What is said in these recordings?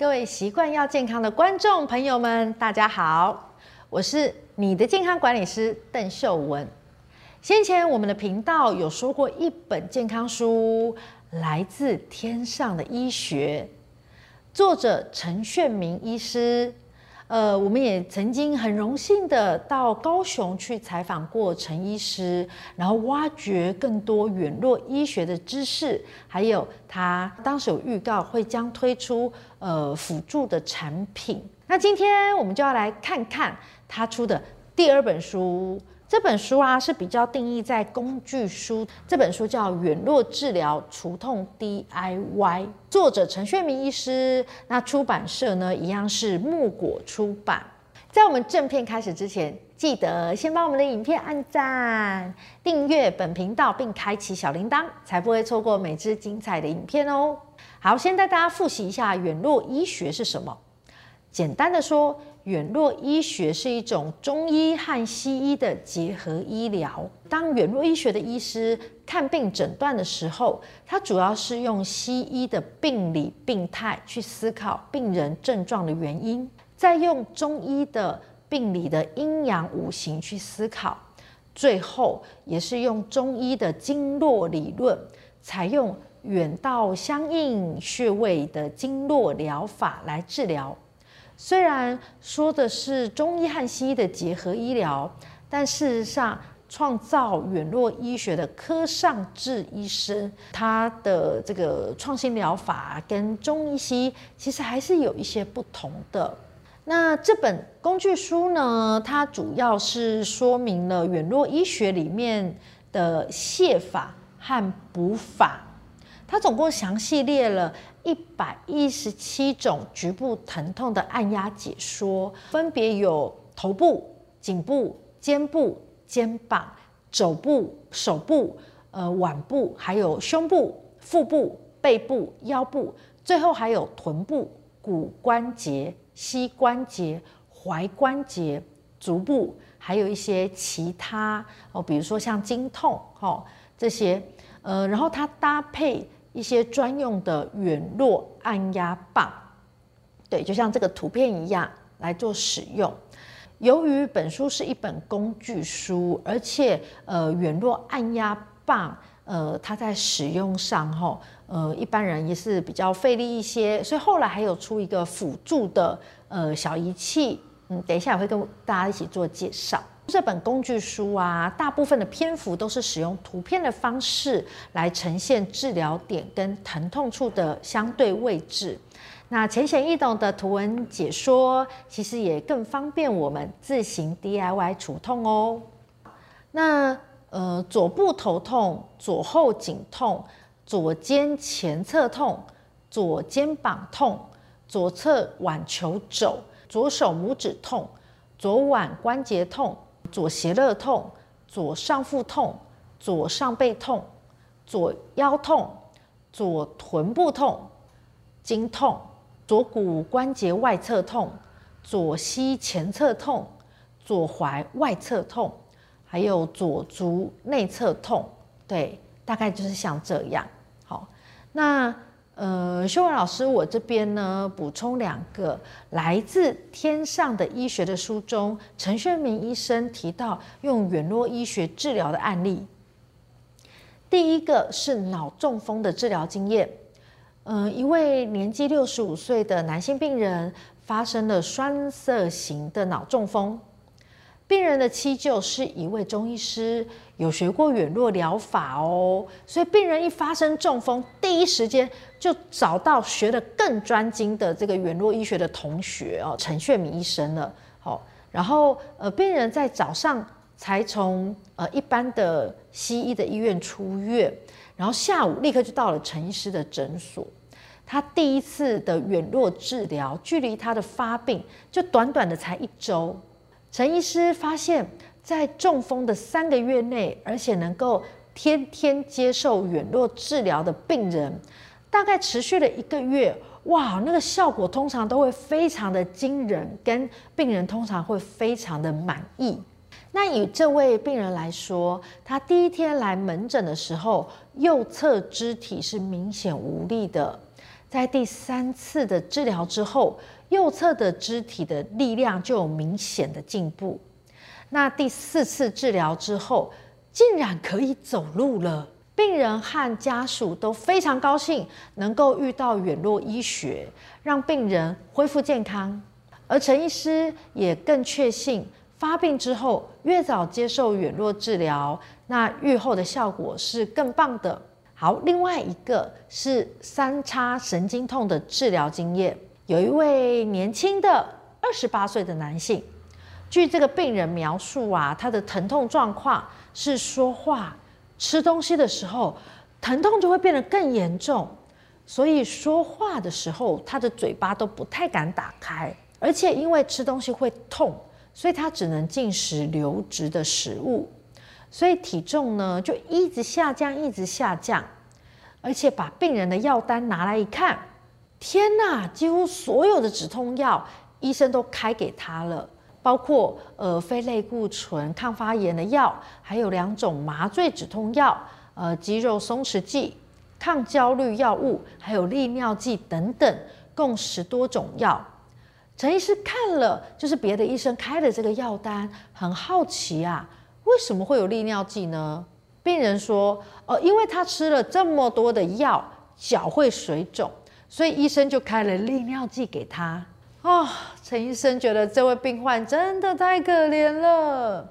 各位習慣要健康的觀眾朋友們，大家好，我是你的健康管理師鄧琇文。先前我們的頻道有說過一本健康書，《來自天上的醫學》，作者陳炫名醫師。呃，我們也曾經很榮幸地到高雄去採訪過陳醫師，然後挖掘更多遠絡醫學的知識，還有他當時有預告會將推出呃輔助的產品。那今天我們就要來看看他出的第二本書。這本書啊，是比較定義在工具書，這本書叫《遠絡治療除痛 DIY》，作者陳炫名醫師，那出版社呢，一樣是木果出版。在我們正片開始之前，記得先幫我們的影片按讚、訂閱本頻道並開啟小鈴鐺，才不會錯過每支精彩的影片哦。好，先帶大家復習一下遠絡醫學是什麼。簡單的說，遠絡醫學是一種中醫和西醫的結合醫療。當遠絡醫學的醫師看病診斷的時候，他主要是用西醫的病理病態去思考病人症狀的原因，再用中醫的病理的陰陽五行去思考，最後也是用中醫的經絡理論，採用遠道相應穴位的經絡療法來治療。雖然說的是中醫和西醫的結合醫療，但事實上，創造遠絡醫學的柯尚志醫生，他的這個創新療法跟中醫西醫其實還是有一些不同的。那這本工具書呢，它主要是說明了遠絡醫學裡面的瀉法和補法，它總共詳細列了，一百一十七種局部疼痛的按壓解說，分別有頭部、頸部、肩部、肩膀、肘部、手部、呃腕部，還有胸部、腹部、背部、腰部，最後還有臀部、股關節、膝關節、踝關節、足部，還有一些其他哦，比如說像筋痛哈、哦、這些，呃，然後它搭配。一些專用的遠絡按壓棒，對，就像這個圖片一樣來做使用。由於本書是一本工具書，而且呃遠絡按壓棒呃它在使用上哈呃一般人也是比較費力一些，所以後來還有出一個輔助的呃小儀器，嗯，等一下我會跟大家一起做介紹。這本工具書啊，大部分的篇幅都是使用圖片的方式來呈現治療點跟疼痛處的相對位置。那淺顯易懂的圖文解說，其實也更方便我們自行 DIY 除痛哦。那呃，左部頭痛、左後頸痛、左肩前側痛、左肩膀痛、左肩膀痛、左側腕球肘、左手拇指痛、左腕關節痛。左脅肋痛、左上腹痛、左上背痛、左腰痛、左臀部痛、經痛、左股關節外側痛、左膝前側痛、左膝前側痛、左踝外側痛、還有左足內側痛，對，大概就是像這樣。好，那。呃，琇文老師，我這邊呢，補充兩個來自天上的醫學的書中，陳炫名醫生提到用遠絡醫學治療的案例。第一個是腦中風的治療經驗。嗯、呃，一位年紀六十五歲的男性病人發生了栓塞型的腦中風。病人的七舅，是一位中醫師，有學過遠絡療法哦，所以病人一發生中風，第一時間就找到學得更專精的這個遠絡醫學的同學哦，陳炫名醫生了。好，然後呃，病人在早上才從呃一般的西醫的醫院出院，然後下午立刻就到了陳醫師的診所。他第一次的遠絡治療，距離他的發病就短短的才一周。陳醫師發現，在中風的三個月內，而且能夠天天接受遠絡治療的病人，大概持續了一個月，哇，那個效果通常都會非常的驚人，跟病人通常會非常的滿意。那以這位病人來說，他第一天來門診的時候，右側肢體是明顯無力的。在第三次的治療之後，右側的肢體的力量就有明顯的進步。那第四次治療之後，竟然可以走路了。病人和家屬都非常高興，能夠遇到遠絡醫學，讓病人恢復健康。而陳醫師也更確信，發病之後越早接受遠絡治療，那愈後的效果是更棒的。好，另外一個是三叉神經痛的治療經驗。有一位年輕的二十八歲的男性，據這個病人描述啊，他的疼痛狀況是說話、吃東西的時候疼痛就會變得更嚴重，所以說話的時候他的嘴巴都不太敢打開，而且因為吃東西會痛，所以他只能進食流質的食物。所以體重呢就一直下降，一直下降，而且把病人的藥單拿來一看，天哪！幾乎所有的止痛藥醫生都開給他了，包括呃非類固醇抗發炎的藥，還有兩種麻醉止痛藥，呃肌肉鬆弛劑、抗焦慮藥物，還有利尿劑等等，共十多種藥。陳醫師看了就是別的醫生開的這個藥單，很好奇啊。為什麼會有利尿劑呢？病人說：“呃，因為他吃了這麼多的藥，腳會水腫，所以醫生就開了利尿劑給他。”哦，陳醫生覺得這位病患真的太可憐了，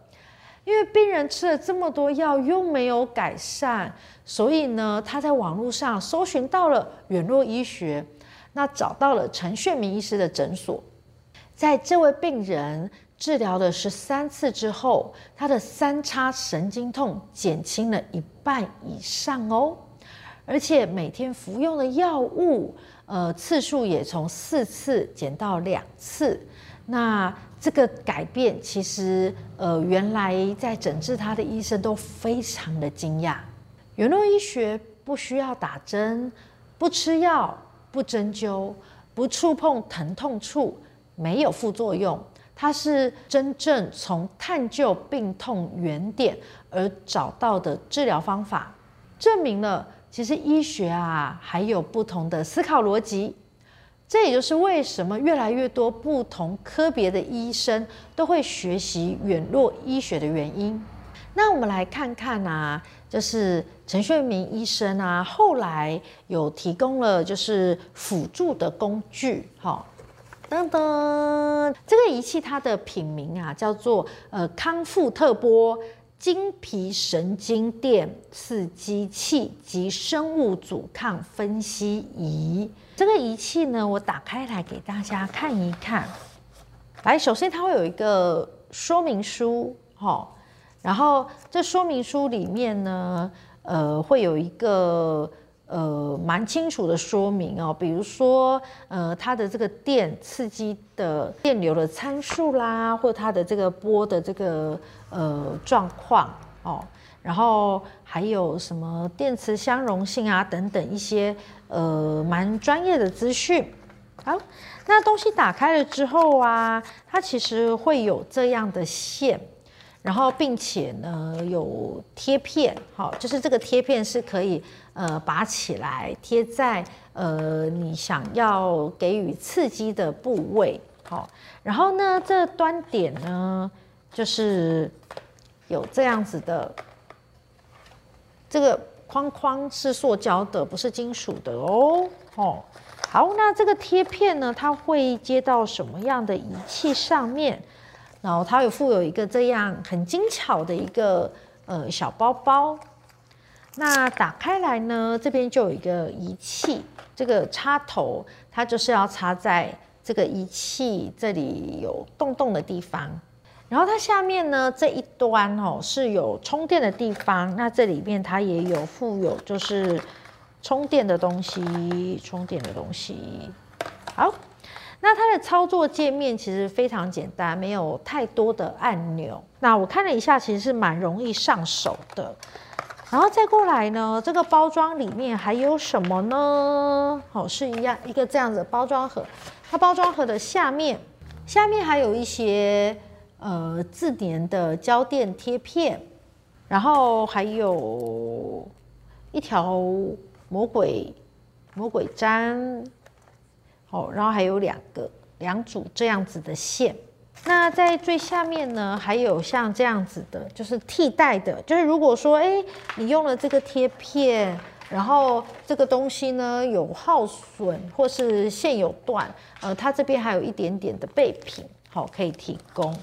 因為病人吃了這麼多藥又沒有改善，所以呢，他在網絡上搜尋到了遠絡醫學，那找到了陳炫名醫師的診所，在這位病人。治療了十三次之後，他的三叉神經痛減輕了一半以上哦，而且每天服用的藥物，呃，次數也從四次減到兩次。那這個改變其實，呃，原來在診治他的醫生都非常的驚訝。遠絡醫學不需要打針，不吃藥，不針灸，不觸碰疼痛處，沒有副作用。它是真正從探究病痛原點而找到的治療方法，證明了其實醫學啊，還有不同的思考邏輯。這也就是為什麼越來越多不同科別的醫生都會學習遠絡醫學的原因。那我們來看看啊，就是陳炫名醫生啊，後來有提供了就是輔助的工具，哈、哦。噔噔，這個儀器它的品名啊，叫做呃康復特波經皮神經電刺激器及生物阻抗分析儀。這個儀器呢，我打開來給大家看一看。來，首先它會有一個說明書，哦，然後這說明書裡面呢，呃，會有一個。呃，蠻清楚的說明哦，比如說，呃，它的這個電刺激的電流的參數啦，或它的這個波的這個呃狀況哦，然後還有什麼電磁相容性啊等等一些呃蠻專業的資訊。好，那東西打開了之後啊，它其實會有這樣的線，然後並且呢有貼片，好，就是這個貼片是可以。呃，拔起來貼在呃你想要給予刺激的部位，好、哦，然後呢，這端點呢就是有這樣子的，這個框框是塑膠的，不是金屬的哦，哦，好，那這個貼片呢，它會接到什麼樣的儀器上面？然後它有附有一個這樣很精巧的一個呃小包包。那打開來呢，這邊就有一個儀器，這個插頭它就是要插在這個儀器這裡有洞洞的地方，然後它下面呢這一端哦、喔、是有充電的地方，那這裡面它也有附有就是充電的東西，充電的東西。好，那它的操作界面其實非常簡單，沒有太多的按鈕，那我看了一下，其實是蠻容易上手的。然後再過來呢，這個包裝裡面還有什麼呢？哦，是一樣一個這樣子的包裝盒，它包裝盒的下面，下面還有一些呃自粘的膠墊貼片，然後還有一條魔鬼魔鬼氈，哦，然後還有兩個兩組這樣子的線。那在最下面呢，還有像這樣子的，就是替代的，就是如果說哎，你用了這個貼片，然後這個東西呢有耗損或是線有斷，呃，它這邊還有一點點的備品，好，可以提供。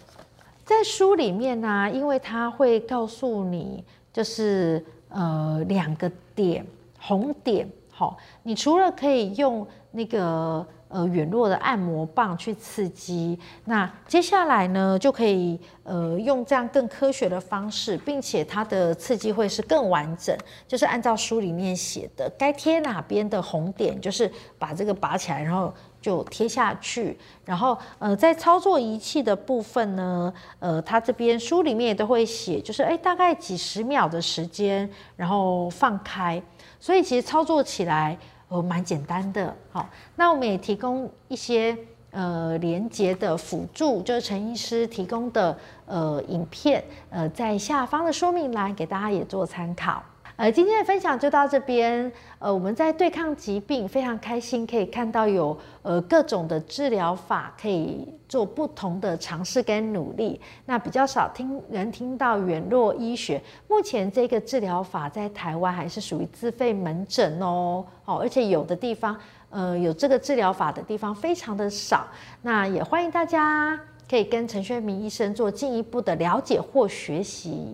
在書裡面呢，因為它會告訴你，就是呃兩個點，紅點，好，你除了可以用那個。呃，遠絡的按摩棒去刺激。那接下來呢，就可以呃用這樣更科學的方式，並且它的刺激會是更完整，就是按照書裡面寫的，該貼哪邊的紅點，就是把這個拔起來，然後就貼下去。然後呃，在操作儀器的部分呢，呃，它這邊書裡面也都會寫，就是誒、欸，大概幾十秒的時間，然後放開。所以其實操作起來，呃，蠻簡單的，好，那我們也提供一些呃連接的輔助，就是陳醫師提供的呃影片，呃在下方的說明欄給大家也做參考。呃，今天的分享就到這邊。呃，我們在對抗疾病，非常開心可以看到有呃各種的治療法，可以做不同的嘗試跟努力。那比較少聽人聽到遠絡醫學，目前這個治療法在台灣還是屬於自費門診哦，哦。而且有的地方，呃，有這個治療法的地方非常的少。那也歡迎大家可以跟陳炫名醫生做進一步的了解或學習。